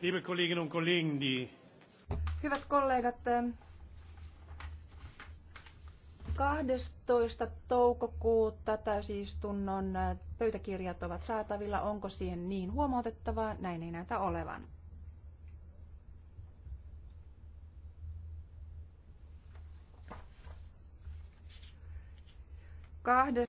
Liebe Kolleginnen und Kollegen, die Hyvät kollegat, 12. toukokuuta täysistunnon pöytäkirjat ovat saatavilla. Onko siihen niin huomautettavaa? Näin ei näytä olevan. Kahdes